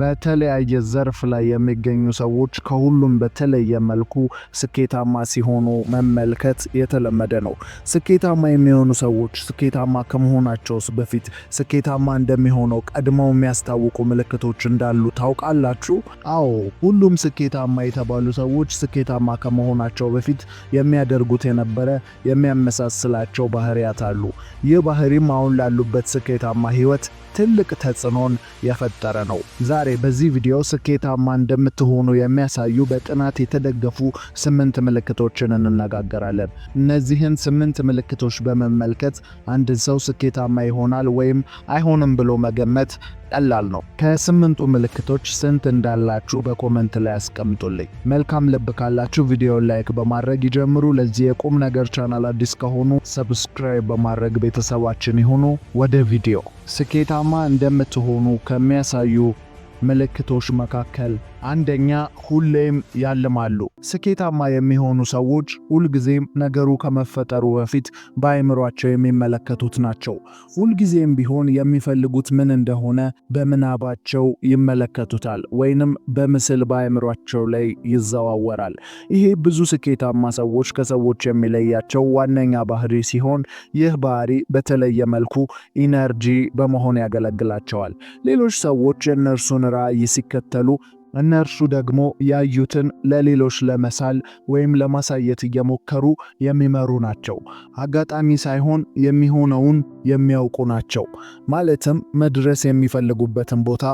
በተለያየ ዘርፍ ላይ የሚገኙ ሰዎች ከሁሉም በተለየ መልኩ ስኬታማ ሲሆኑ መመልከት የተለመደ ነው። ስኬታማ የሚሆኑ ሰዎች ስኬታማ ከመሆናቸውስ በፊት ስኬታማ እንደሚሆነው ቀድመው የሚያስታውቁ ምልክቶች እንዳሉ ታውቃላችሁ? አዎ፣ ሁሉም ስኬታማ የተባሉ ሰዎች ስኬታማ ከመሆናቸው በፊት የሚያደርጉት የነበረ የሚያመሳስላቸው ባህሪያት አሉ። ይህ ባህሪም አሁን ላሉበት ስኬታማ ህይወት ትልቅ ተጽዕኖን የፈጠረ ነው። ዛሬ በዚህ ቪዲዮ ስኬታማ እንደምትሆኑ የሚያሳዩ በጥናት የተደገፉ ስምንት ምልክቶችን እንነጋገራለን። እነዚህን ስምንት ምልክቶች በመመልከት አንድን ሰው ስኬታማ ይሆናል ወይም አይሆንም ብሎ መገመት ቀላል ነው። ከስምንቱ ምልክቶች ስንት እንዳላችሁ በኮመንት ላይ አስቀምጡልኝ። መልካም ልብ ካላችሁ ቪዲዮ ላይክ በማድረግ ይጀምሩ። ለዚህ የቁም ነገር ቻናል አዲስ ከሆኑ ሰብስክራይብ በማድረግ ቤተሰባችን ይሁኑ። ወደ ቪዲዮ ስኬታማ እንደምትሆኑ ከሚያሳዩ ምልክቶች መካከል አንደኛ ሁሌም ያልማሉ። ስኬታማ የሚሆኑ ሰዎች ሁልጊዜም ነገሩ ከመፈጠሩ በፊት በአእምሯቸው የሚመለከቱት ናቸው። ሁልጊዜም ቢሆን የሚፈልጉት ምን እንደሆነ በምናባቸው ይመለከቱታል፣ ወይንም በምስል በአእምሯቸው ላይ ይዘዋወራል። ይሄ ብዙ ስኬታማ ሰዎች ከሰዎች የሚለያቸው ዋነኛ ባህሪ ሲሆን ይህ ባህሪ በተለየ መልኩ ኢነርጂ በመሆን ያገለግላቸዋል። ሌሎች ሰዎች የእነርሱን ራዕይ ሲከተሉ እነርሱ ደግሞ ያዩትን ለሌሎች ለመሳል ወይም ለማሳየት እየሞከሩ የሚመሩ ናቸው። አጋጣሚ ሳይሆን የሚሆነውን የሚያውቁ ናቸው። ማለትም መድረስ የሚፈልጉበትን ቦታ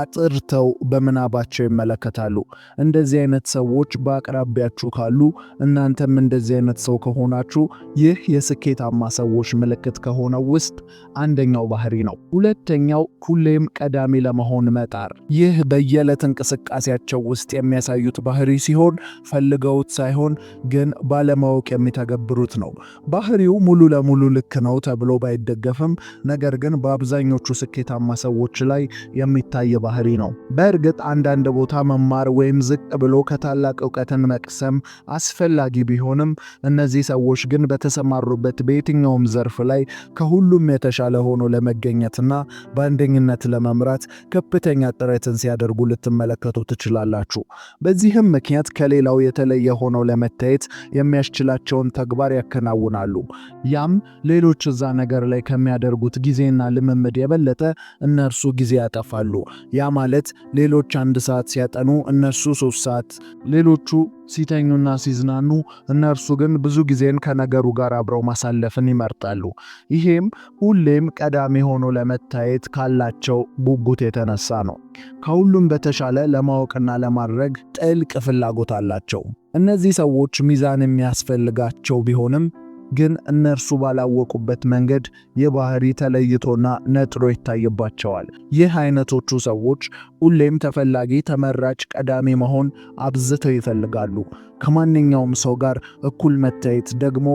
አጥርተው በምናባቸው ይመለከታሉ። እንደዚህ አይነት ሰዎች በአቅራቢያችሁ ካሉ፣ እናንተም እንደዚህ አይነት ሰው ከሆናችሁ ይህ የስኬታማ ሰዎች ምልክት ከሆነው ውስጥ አንደኛው ባህሪ ነው። ሁለተኛው ሁሌም ቀዳሚ ለመሆን መጣር። ይህ በየዕለት እንቅስቃሴ እንቅስቃሴያቸው ውስጥ የሚያሳዩት ባህሪ ሲሆን ፈልገውት ሳይሆን ግን ባለማወቅ የሚተገብሩት ነው። ባህሪው ሙሉ ለሙሉ ልክ ነው ተብሎ ባይደገፍም፣ ነገር ግን በአብዛኞቹ ስኬታማ ሰዎች ላይ የሚታይ ባህሪ ነው። በእርግጥ አንዳንድ ቦታ መማር ወይም ዝቅ ብሎ ከታላቅ እውቀትን መቅሰም አስፈላጊ ቢሆንም እነዚህ ሰዎች ግን በተሰማሩበት በየትኛውም ዘርፍ ላይ ከሁሉም የተሻለ ሆኖ ለመገኘትና በአንደኝነት ለመምራት ከፍተኛ ጥረትን ሲያደርጉ ልትመለከቱ ልታጡ ትችላላችሁ። በዚህም ምክንያት ከሌላው የተለየ ሆነው ለመታየት የሚያስችላቸውን ተግባር ያከናውናሉ። ያም ሌሎች እዛ ነገር ላይ ከሚያደርጉት ጊዜና ልምምድ የበለጠ እነርሱ ጊዜ ያጠፋሉ። ያ ማለት ሌሎች አንድ ሰዓት ሲያጠኑ እነርሱ ሶስት ሰዓት ሌሎቹ ሲተኙና ሲዝናኑ፣ እነርሱ ግን ብዙ ጊዜን ከነገሩ ጋር አብረው ማሳለፍን ይመርጣሉ። ይሄም ሁሌም ቀዳሚ ሆኖ ለመታየት ካላቸው ጉጉት የተነሳ ነው። ከሁሉም በተሻለ ለማወቅና ለማድረግ ጥልቅ ፍላጎት አላቸው። እነዚህ ሰዎች ሚዛን የሚያስፈልጋቸው ቢሆንም ግን እነርሱ ባላወቁበት መንገድ የባህሪ ተለይቶና ነጥሮ ይታይባቸዋል። ይህ አይነቶቹ ሰዎች ሁሌም ተፈላጊ፣ ተመራጭ፣ ቀዳሚ መሆን አብዝተው ይፈልጋሉ። ከማንኛውም ሰው ጋር እኩል መታየት ደግሞ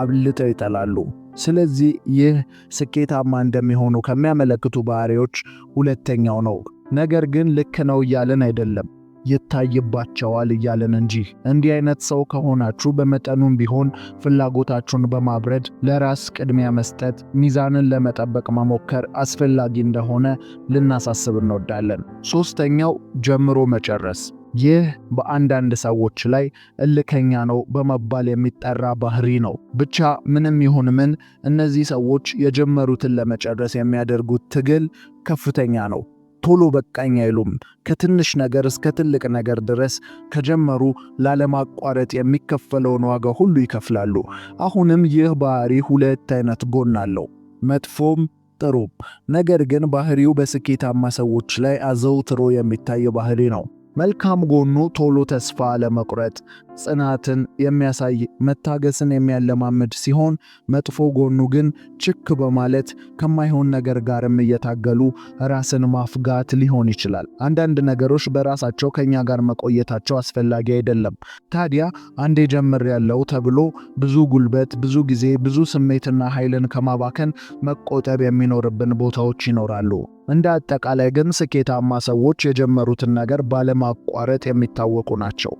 አብልጠው ይጠላሉ። ስለዚህ ይህ ስኬታማ እንደሚሆኑ ከሚያመለክቱ ባህሪዎች ሁለተኛው ነው። ነገር ግን ልክ ነው እያለን አይደለም። ይታይባቸዋል እያለን እንጂ። እንዲህ አይነት ሰው ከሆናችሁ በመጠኑም ቢሆን ፍላጎታችሁን በማብረድ ለራስ ቅድሚያ መስጠት፣ ሚዛንን ለመጠበቅ መሞከር አስፈላጊ እንደሆነ ልናሳስብ እንወዳለን። ሶስተኛው ጀምሮ መጨረስ። ይህ በአንዳንድ ሰዎች ላይ እልከኛ ነው በመባል የሚጠራ ባህሪ ነው። ብቻ ምንም ይሁን ምን እነዚህ ሰዎች የጀመሩትን ለመጨረስ የሚያደርጉት ትግል ከፍተኛ ነው። ቶሎ በቃኝ አይሉም። ከትንሽ ነገር እስከ ትልቅ ነገር ድረስ ከጀመሩ ላለማቋረጥ የሚከፈለውን ዋጋ ሁሉ ይከፍላሉ። አሁንም ይህ ባህሪ ሁለት አይነት ጎን አለው፣ መጥፎም ጥሩም። ነገር ግን ባህሪው በስኬታማ ሰዎች ላይ አዘውትሮ የሚታይ ባህሪ ነው። መልካም ጎኑ ቶሎ ተስፋ አለመቁረጥ፣ ጽናትን የሚያሳይ መታገስን የሚያለማምድ ሲሆን መጥፎ ጎኑ ግን ችክ በማለት ከማይሆን ነገር ጋርም እየታገሉ ራስን ማፍጋት ሊሆን ይችላል። አንዳንድ ነገሮች በራሳቸው ከኛ ጋር መቆየታቸው አስፈላጊ አይደለም። ታዲያ አንዴ ጀምር ያለው ተብሎ ብዙ ጉልበት፣ ብዙ ጊዜ፣ ብዙ ስሜትና ኃይልን ከማባከን መቆጠብ የሚኖርብን ቦታዎች ይኖራሉ። እንደ አጠቃላይ ግን ስኬታማ ሰዎች የጀመሩትን ነገር ባለማቋረጥ የሚታወቁ ናቸው።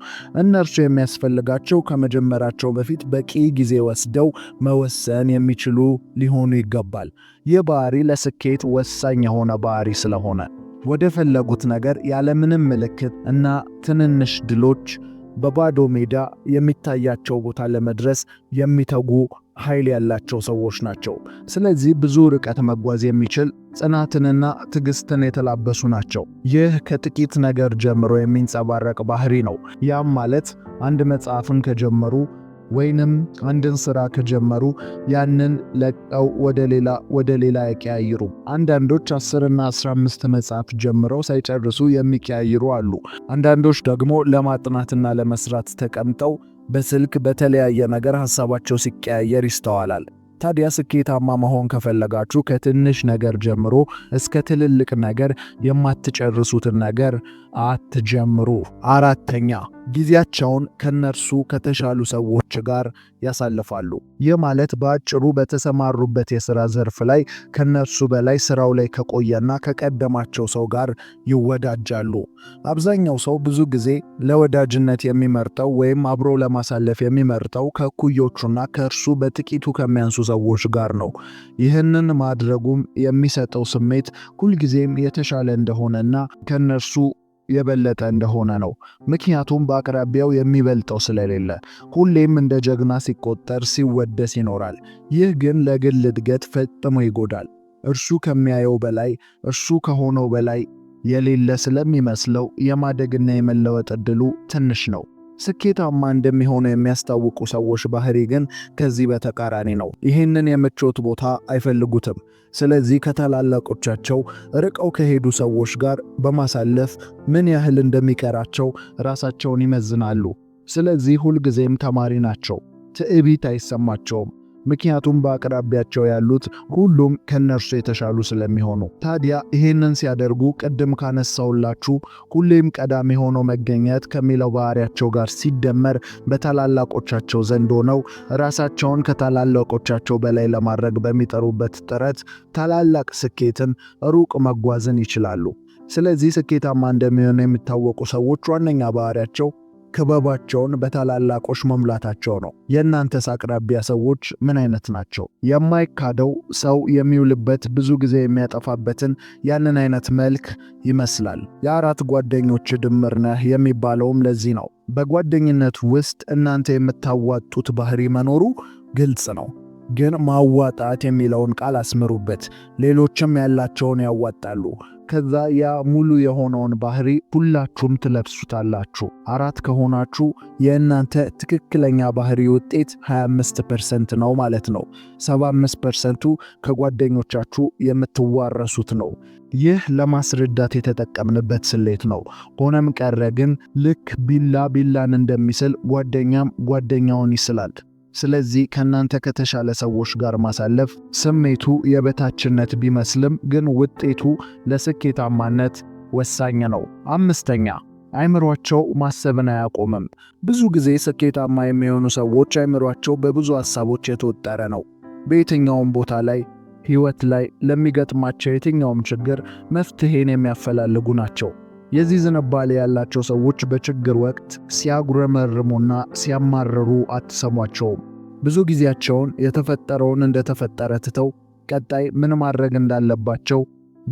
እነርሱ ስለሚያስፈልጋቸው ከመጀመራቸው በፊት በቂ ጊዜ ወስደው መወሰን የሚችሉ ሊሆኑ ይገባል። ይህ ባህሪ ለስኬት ወሳኝ የሆነ ባህሪ ስለሆነ ወደ ፈለጉት ነገር ያለምንም ምልክት እና ትንንሽ ድሎች በባዶ ሜዳ የሚታያቸው ቦታ ለመድረስ የሚተጉ ኃይል ያላቸው ሰዎች ናቸው። ስለዚህ ብዙ ርቀት መጓዝ የሚችል ጽናትንና ትዕግስትን የተላበሱ ናቸው። ይህ ከጥቂት ነገር ጀምሮ የሚንጸባረቅ ባህሪ ነው። ያም ማለት አንድ መጽሐፍን ከጀመሩ ወይንም አንድን ሥራ ከጀመሩ ያንን ለቀው ወደ ሌላ ወደ ሌላ ያቀያይሩ። አንዳንዶች 10ና 15 መጽሐፍ ጀምረው ሳይጨርሱ የሚቀያይሩ አሉ። አንዳንዶች ደግሞ ለማጥናትና ለመስራት ተቀምጠው በስልክ በተለያየ ነገር ሐሳባቸው ሲቀያየር ይስተዋላል። ታዲያ ስኬታማ መሆን ከፈለጋችሁ ከትንሽ ነገር ጀምሮ እስከ ትልልቅ ነገር የማትጨርሱትን ነገር አትጀምሩ። አራተኛ ጊዜያቸውን ከነርሱ ከተሻሉ ሰዎች ጋር ያሳልፋሉ። ይህ ማለት በአጭሩ በተሰማሩበት የሥራ ዘርፍ ላይ ከነርሱ በላይ ስራው ላይ ከቆየና ከቀደማቸው ሰው ጋር ይወዳጃሉ። አብዛኛው ሰው ብዙ ጊዜ ለወዳጅነት የሚመርጠው ወይም አብሮ ለማሳለፍ የሚመርጠው ከኩዮቹና ከእርሱ በጥቂቱ ከሚያንሱ ሰዎች ጋር ነው። ይህንን ማድረጉም የሚሰጠው ስሜት ሁልጊዜም የተሻለ እንደሆነና ከነርሱ የበለጠ እንደሆነ ነው። ምክንያቱም በአቅራቢያው የሚበልጠው ስለሌለ ሁሌም እንደ ጀግና ሲቆጠር፣ ሲወደስ ይኖራል። ይህ ግን ለግል እድገት ፈጥሞ ይጎዳል። እርሱ ከሚያየው በላይ እርሱ ከሆነው በላይ የሌለ ስለሚመስለው የማደግና የመለወጥ እድሉ ትንሽ ነው። ስኬታማ እንደሚሆኑ የሚያስታውቁ ሰዎች ባህሪ ግን ከዚህ በተቃራኒ ነው። ይህንን የምቾት ቦታ አይፈልጉትም። ስለዚህ ከታላላቆቻቸው ርቀው ከሄዱ ሰዎች ጋር በማሳለፍ ምን ያህል እንደሚቀራቸው ራሳቸውን ይመዝናሉ። ስለዚህ ሁልጊዜም ተማሪ ናቸው። ትዕቢት አይሰማቸውም። ምክንያቱም በአቅራቢያቸው ያሉት ሁሉም ከእነርሱ የተሻሉ ስለሚሆኑ። ታዲያ ይህንን ሲያደርጉ ቅድም ካነሳውላችሁ ሁሌም ቀዳሚ ሆኖ መገኘት ከሚለው ባህሪያቸው ጋር ሲደመር በታላላቆቻቸው ዘንድ ሆነው ራሳቸውን ከታላላቆቻቸው በላይ ለማድረግ በሚጠሩበት ጥረት ታላላቅ ስኬትን፣ ሩቅ መጓዝን ይችላሉ። ስለዚህ ስኬታማ እንደሚሆኑ የሚታወቁ ሰዎች ዋነኛ ባህሪያቸው ክበባቸውን በታላላቆች መሙላታቸው ነው። የእናንተስ አቅራቢያ ሰዎች ምን አይነት ናቸው? የማይካደው ሰው የሚውልበት ብዙ ጊዜ የሚያጠፋበትን ያንን አይነት መልክ ይመስላል። የአራት ጓደኞች ድምር ነህ የሚባለውም ለዚህ ነው። በጓደኝነት ውስጥ እናንተ የምታዋጡት ባህሪ መኖሩ ግልጽ ነው። ግን ማዋጣት የሚለውን ቃል አስምሩበት። ሌሎችም ያላቸውን ያዋጣሉ። ከዛ ያ ሙሉ የሆነውን ባህሪ ሁላችሁም ትለብሱታላችሁ። አራት ከሆናችሁ የእናንተ ትክክለኛ ባህሪ ውጤት 25 ፐርሰንት ነው ማለት ነው። 75 ፐርሰንቱ ከጓደኞቻችሁ የምትዋረሱት ነው። ይህ ለማስረዳት የተጠቀምንበት ስሌት ነው። ሆነም ቀረ ግን ልክ ቢላ ቢላን እንደሚስል ጓደኛም ጓደኛውን ይስላል። ስለዚህ ከእናንተ ከተሻለ ሰዎች ጋር ማሳለፍ ስሜቱ የበታችነት ቢመስልም ግን ውጤቱ ለስኬታማነት ወሳኝ ነው። አምስተኛ አይምሯቸው ማሰብን አያቆምም። ብዙ ጊዜ ስኬታማ የሚሆኑ ሰዎች አይምሯቸው በብዙ ሐሳቦች የተወጠረ ነው። በየትኛውም ቦታ ላይ ሕይወት ላይ ለሚገጥማቸው የትኛውም ችግር መፍትሔን የሚያፈላልጉ ናቸው። የዚህ ዝንባሌ ያላቸው ሰዎች በችግር ወቅት ሲያጉረመርሙና ሲያማረሩ አትሰሟቸውም። ብዙ ጊዜያቸውን የተፈጠረውን እንደተፈጠረ ትተው ቀጣይ ምን ማድረግ እንዳለባቸው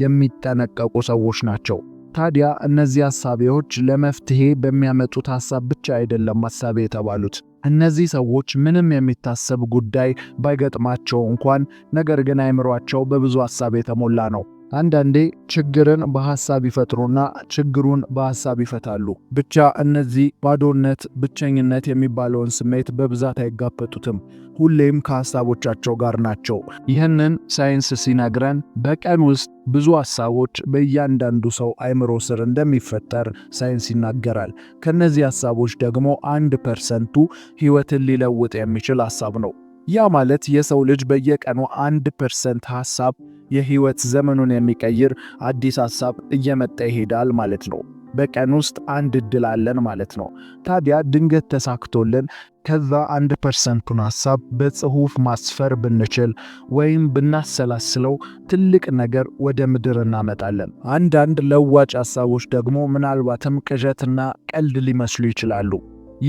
የሚጠነቀቁ ሰዎች ናቸው። ታዲያ እነዚህ አሳቢዎች ለመፍትሄ በሚያመጡት ሐሳብ ብቻ አይደለም አሳቢ የተባሉት። እነዚህ ሰዎች ምንም የሚታሰብ ጉዳይ ባይገጥማቸው እንኳን ነገር ግን አይምሯቸው በብዙ ሐሳብ የተሞላ ነው። አንዳንዴ ችግርን በሐሳብ ይፈጥሩና ችግሩን በሐሳብ ይፈታሉ። ብቻ እነዚህ ባዶነት፣ ብቸኝነት የሚባለውን ስሜት በብዛት አይጋፈጡትም። ሁሌም ከሐሳቦቻቸው ጋር ናቸው። ይህንን ሳይንስ ሲነግረን በቀን ውስጥ ብዙ ሐሳቦች በእያንዳንዱ ሰው አይምሮ ስር እንደሚፈጠር ሳይንስ ይናገራል። ከነዚህ ሐሳቦች ደግሞ አንድ ፐርሰንቱ ሕይወትን ሊለውጥ የሚችል ሐሳብ ነው። ያ ማለት የሰው ልጅ በየቀኑ አንድ ፐርሰንት ሐሳብ የህይወት ዘመኑን የሚቀይር አዲስ ሐሳብ እየመጣ ይሄዳል ማለት ነው። በቀን ውስጥ አንድ እድል አለን ማለት ነው። ታዲያ ድንገት ተሳክቶልን ከዛ አንድ ፐርሰንቱን ሐሳብ በጽሁፍ ማስፈር ብንችል ወይም ብናሰላስለው ትልቅ ነገር ወደ ምድር እናመጣለን። አንዳንድ ለዋጭ ሐሳቦች ደግሞ ምናልባትም ቅዠትና ቀልድ ሊመስሉ ይችላሉ።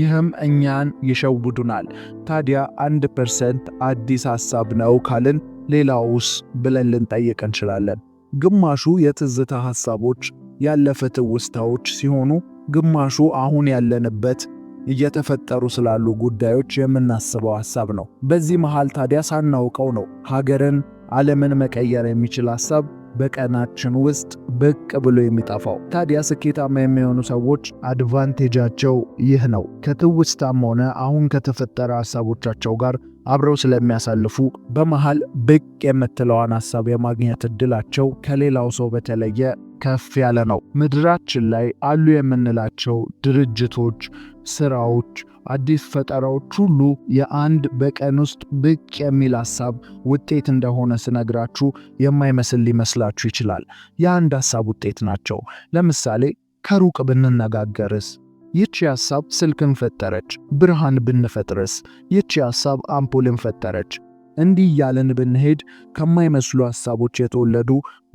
ይህም እኛን ይሸውዱናል። ታዲያ አንድ ፐርሰንት አዲስ ሐሳብ ነው ካልን ሌላውስ ብለን ልንጠይቅ እንችላለን። ግማሹ የትዝታ ሐሳቦች፣ ያለፈ ትውስታዎች ሲሆኑ ግማሹ አሁን ያለንበት እየተፈጠሩ ስላሉ ጉዳዮች የምናስበው ሐሳብ ነው። በዚህ መሃል ታዲያ ሳናውቀው ነው ሀገርን፣ ዓለምን መቀየር የሚችል ሐሳብ በቀናችን ውስጥ ብቅ ብሎ የሚጠፋው። ታዲያ ስኬታማ የሚሆኑ ሰዎች አድቫንቴጃቸው ይህ ነው። ከትውስታም ሆነ አሁን ከተፈጠረ ሐሳቦቻቸው ጋር አብረው ስለሚያሳልፉ በመሃል ብቅ የምትለዋን ሀሳብ የማግኘት እድላቸው ከሌላው ሰው በተለየ ከፍ ያለ ነው። ምድራችን ላይ አሉ የምንላቸው ድርጅቶች፣ ስራዎች፣ አዲስ ፈጠራዎች ሁሉ የአንድ በቀን ውስጥ ብቅ የሚል ሀሳብ ውጤት እንደሆነ ስነግራችሁ የማይመስል ሊመስላችሁ ይችላል። የአንድ ሀሳብ ውጤት ናቸው። ለምሳሌ ከሩቅ ብንነጋገርስ ይቺ ሐሳብ ስልክን ፈጠረች። ብርሃን ብንፈጥርስ? ይቺ ሐሳብ አምፖልን ፈጠረች። እንዲህ እያለን ብንሄድ ከማይመስሉ ሐሳቦች የተወለዱ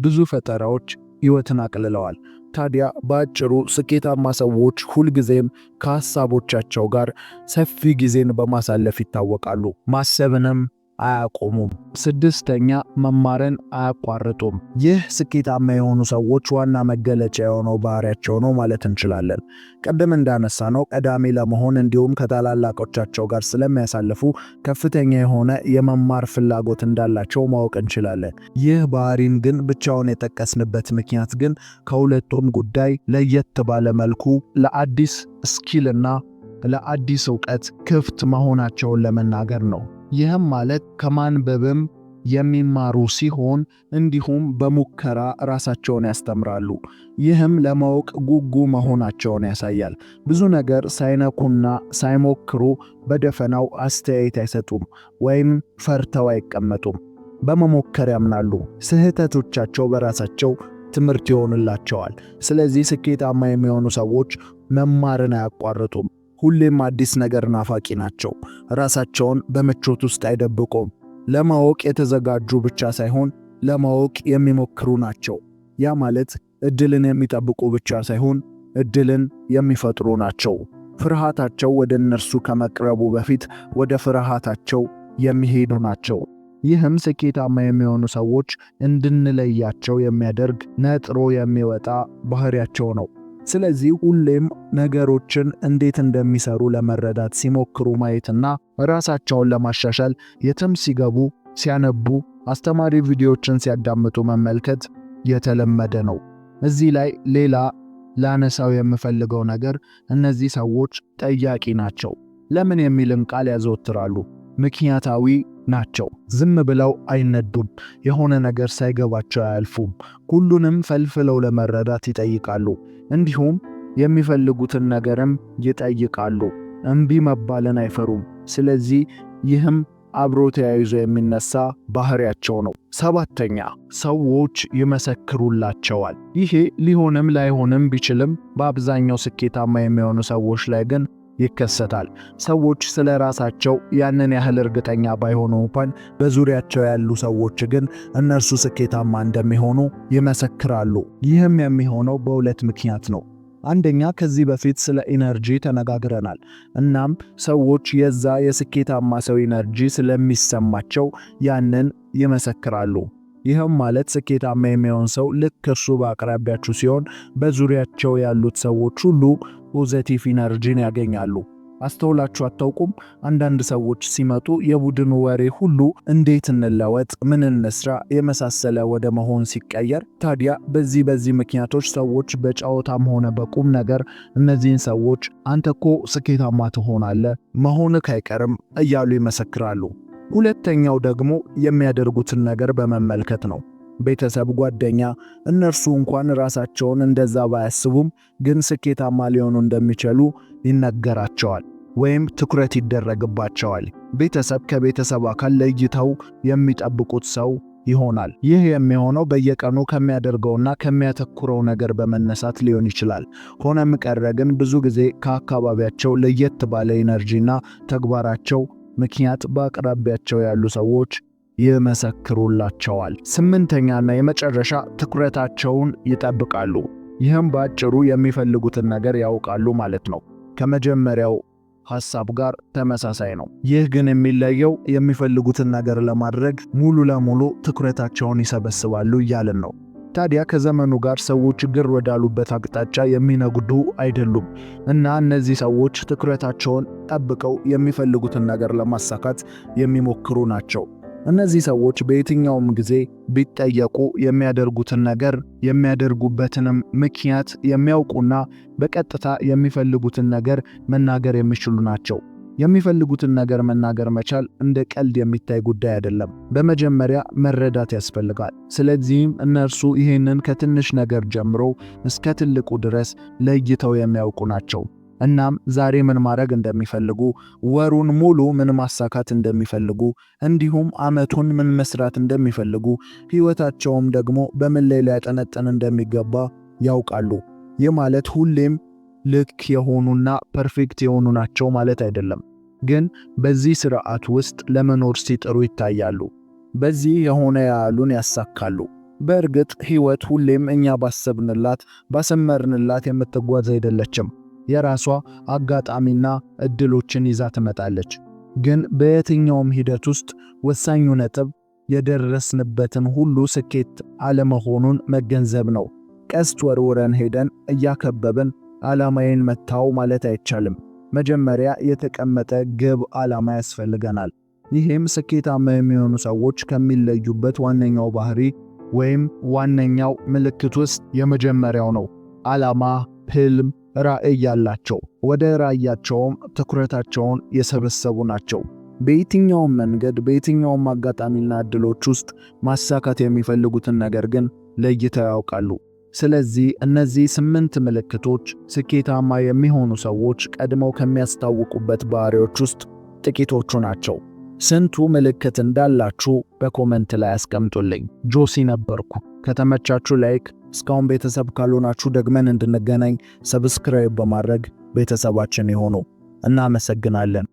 ብዙ ፈጠራዎች ሕይወትን አቅልለዋል። ታዲያ በአጭሩ ስኬታማ ሰዎች ሁልጊዜም ከሐሳቦቻቸው ጋር ሰፊ ጊዜን በማሳለፍ ይታወቃሉ። ማሰብንም አያቆሙም። ስድስተኛ መማርን አያቋርጡም። ይህ ስኬታማ የሆኑ ሰዎች ዋና መገለጫ የሆነው ባህሪያቸው ነው ማለት እንችላለን። ቅድም እንዳነሳ ነው ቀዳሚ ለመሆን እንዲሁም ከታላላቆቻቸው ጋር ስለሚያሳልፉ ከፍተኛ የሆነ የመማር ፍላጎት እንዳላቸው ማወቅ እንችላለን። ይህ ባህሪን ግን ብቻውን የጠቀስንበት ምክንያት ግን ከሁለቱም ጉዳይ ለየት ባለ መልኩ ለአዲስ ስኪልና ለአዲስ እውቀት ክፍት መሆናቸውን ለመናገር ነው። ይህም ማለት ከማንበብም የሚማሩ ሲሆን እንዲሁም በሙከራ ራሳቸውን ያስተምራሉ። ይህም ለማወቅ ጉጉ መሆናቸውን ያሳያል። ብዙ ነገር ሳይነኩና ሳይሞክሩ በደፈናው አስተያየት አይሰጡም ወይም ፈርተው አይቀመጡም። በመሞከር ያምናሉ። ስህተቶቻቸው በራሳቸው ትምህርት ይሆንላቸዋል። ስለዚህ ስኬታማ የሚሆኑ ሰዎች መማርን አያቋርጡም። ሁሌም አዲስ ነገር ናፋቂ ናቸው። ራሳቸውን በምቾት ውስጥ አይደብቁም። ለማወቅ የተዘጋጁ ብቻ ሳይሆን ለማወቅ የሚሞክሩ ናቸው። ያ ማለት እድልን የሚጠብቁ ብቻ ሳይሆን እድልን የሚፈጥሩ ናቸው። ፍርሃታቸው ወደ እነርሱ ከመቅረቡ በፊት ወደ ፍርሃታቸው የሚሄዱ ናቸው። ይህም ስኬታማ የሚሆኑ ሰዎች እንድንለያቸው የሚያደርግ ነጥሮ የሚወጣ ባህሪያቸው ነው። ስለዚህ ሁሌም ነገሮችን እንዴት እንደሚሰሩ ለመረዳት ሲሞክሩ ማየትና ራሳቸውን ለማሻሻል የትም ሲገቡ ሲያነቡ፣ አስተማሪ ቪዲዮዎችን ሲያዳምጡ መመልከት የተለመደ ነው። እዚህ ላይ ሌላ ላነሳው የምፈልገው ነገር እነዚህ ሰዎች ጠያቂ ናቸው። ለምን የሚልን ቃል ያዘወትራሉ። ምክንያታዊ ናቸው። ዝም ብለው አይነዱም። የሆነ ነገር ሳይገባቸው አያልፉም። ሁሉንም ፈልፍለው ለመረዳት ይጠይቃሉ። እንዲሁም የሚፈልጉትን ነገርም ይጠይቃሉ። እምቢ መባልን አይፈሩም። ስለዚህ ይህም አብሮ ተያይዞ የሚነሳ ባህሪያቸው ነው። ሰባተኛ ሰዎች ይመሰክሩላቸዋል። ይሄ ሊሆንም ላይሆንም ቢችልም በአብዛኛው ስኬታማ የሚሆኑ ሰዎች ላይ ግን ይከሰታል። ሰዎች ስለ ራሳቸው ያንን ያህል እርግጠኛ ባይሆኑ እንኳን በዙሪያቸው ያሉ ሰዎች ግን እነርሱ ስኬታማ እንደሚሆኑ ይመሰክራሉ። ይህም የሚሆነው በሁለት ምክንያት ነው። አንደኛ ከዚህ በፊት ስለ ኢነርጂ ተነጋግረናል። እናም ሰዎች የዛ የስኬታማ ሰው ኢነርጂ ስለሚሰማቸው ያንን ይመሰክራሉ። ይህም ማለት ስኬታማ የሚሆን ሰው ልክ እርሱ በአቅራቢያችሁ ሲሆን በዙሪያቸው ያሉት ሰዎች ሁሉ ፖዘቲቭ ኢነርጂን ያገኛሉ። አስተውላችሁ አታውቁም? አንዳንድ ሰዎች ሲመጡ የቡድኑ ወሬ ሁሉ እንዴት እንለወጥ፣ ምን እንስራ የመሳሰለ ወደ መሆን ሲቀየር፣ ታዲያ በዚህ በዚህ ምክንያቶች ሰዎች በጨዋታም ሆነ በቁም ነገር እነዚህን ሰዎች አንተ እኮ ስኬታማ ትሆናለህ፣ መሆንህ አይቀርም እያሉ ይመሰክራሉ። ሁለተኛው ደግሞ የሚያደርጉትን ነገር በመመልከት ነው። ቤተሰብ፣ ጓደኛ እነርሱ እንኳን ራሳቸውን እንደዛ ባያስቡም ግን ስኬታማ ሊሆኑ እንደሚችሉ ይነገራቸዋል ወይም ትኩረት ይደረግባቸዋል። ቤተሰብ ከቤተሰብ አካል ለይተው የሚጠብቁት ሰው ይሆናል። ይህ የሚሆነው በየቀኑ ከሚያደርገውና ከሚያተኩረው ነገር በመነሳት ሊሆን ይችላል። ሆነም ቀረ ግን ብዙ ጊዜ ከአካባቢያቸው ለየት ባለ ኢነርጂና ተግባራቸው ምክንያት በአቅራቢያቸው ያሉ ሰዎች ይመሰክሩላቸዋል። ስምንተኛና የመጨረሻ ትኩረታቸውን ይጠብቃሉ። ይህም በአጭሩ የሚፈልጉትን ነገር ያውቃሉ ማለት ነው። ከመጀመሪያው ሐሳብ ጋር ተመሳሳይ ነው። ይህ ግን የሚለየው የሚፈልጉትን ነገር ለማድረግ ሙሉ ለሙሉ ትኩረታቸውን ይሰበስባሉ እያልን ነው። ታዲያ ከዘመኑ ጋር ሰዎች ግር ወዳሉበት አቅጣጫ የሚነጉዱ አይደሉም እና እነዚህ ሰዎች ትኩረታቸውን ጠብቀው የሚፈልጉትን ነገር ለማሳካት የሚሞክሩ ናቸው። እነዚህ ሰዎች በየትኛውም ጊዜ ቢጠየቁ የሚያደርጉትን ነገር የሚያደርጉበትንም ምክንያት የሚያውቁና በቀጥታ የሚፈልጉትን ነገር መናገር የሚችሉ ናቸው። የሚፈልጉትን ነገር መናገር መቻል እንደ ቀልድ የሚታይ ጉዳይ አይደለም። በመጀመሪያ መረዳት ያስፈልጋል። ስለዚህም እነርሱ ይህንን ከትንሽ ነገር ጀምሮ እስከ ትልቁ ድረስ ለይተው የሚያውቁ ናቸው። እናም ዛሬ ምን ማድረግ እንደሚፈልጉ፣ ወሩን ሙሉ ምን ማሳካት እንደሚፈልጉ፣ እንዲሁም ዓመቱን ምን መስራት እንደሚፈልጉ፣ ሕይወታቸውም ደግሞ በምን ላይ ሊያጠነጥን እንደሚገባ ያውቃሉ። ይህ ማለት ሁሌም ልክ የሆኑና ፐርፌክት የሆኑ ናቸው ማለት አይደለም፣ ግን በዚህ ስርዓት ውስጥ ለመኖር ሲጥሩ ይታያሉ። በዚህ የሆነ ያሉን ያሳካሉ። በእርግጥ ሕይወት ሁሌም እኛ ባሰብንላት ባሰመርንላት የምትጓዝ አይደለችም። የራሷ አጋጣሚና እድሎችን ይዛ ትመጣለች። ግን በየትኛውም ሂደት ውስጥ ወሳኙ ነጥብ የደረስንበትን ሁሉ ስኬት አለመሆኑን መገንዘብ ነው። ቀስት ወርውረን ሄደን እያከበብን ዓላማዬን መታው ማለት አይቻልም። መጀመሪያ የተቀመጠ ግብ ዓላማ ያስፈልገናል። ይህም ስኬታማ የሚሆኑ ሰዎች ከሚለዩበት ዋነኛው ባህሪ ወይም ዋነኛው ምልክት ውስጥ የመጀመሪያው ነው። ዓላማ፣ ህልም ራዕይ ያላቸው ወደ ራዕያቸውም ትኩረታቸውን የሰበሰቡ ናቸው። በየትኛውም መንገድ በየትኛውም አጋጣሚና እድሎች ውስጥ ማሳካት የሚፈልጉትን ነገር ግን ለይተው ያውቃሉ። ስለዚህ እነዚህ ስምንት ምልክቶች ስኬታማ የሚሆኑ ሰዎች ቀድመው ከሚያስታውቁበት ባህሪዎች ውስጥ ጥቂቶቹ ናቸው። ስንቱ ምልክት እንዳላችሁ በኮመንት ላይ አስቀምጡልኝ። ጆሲ ነበርኩ። ከተመቻችሁ ላይክ እስካሁን ቤተሰብ ካልሆናችሁ ደግመን እንድንገናኝ ሰብስክራይብ በማድረግ ቤተሰባችን የሆኑ እናመሰግናለን።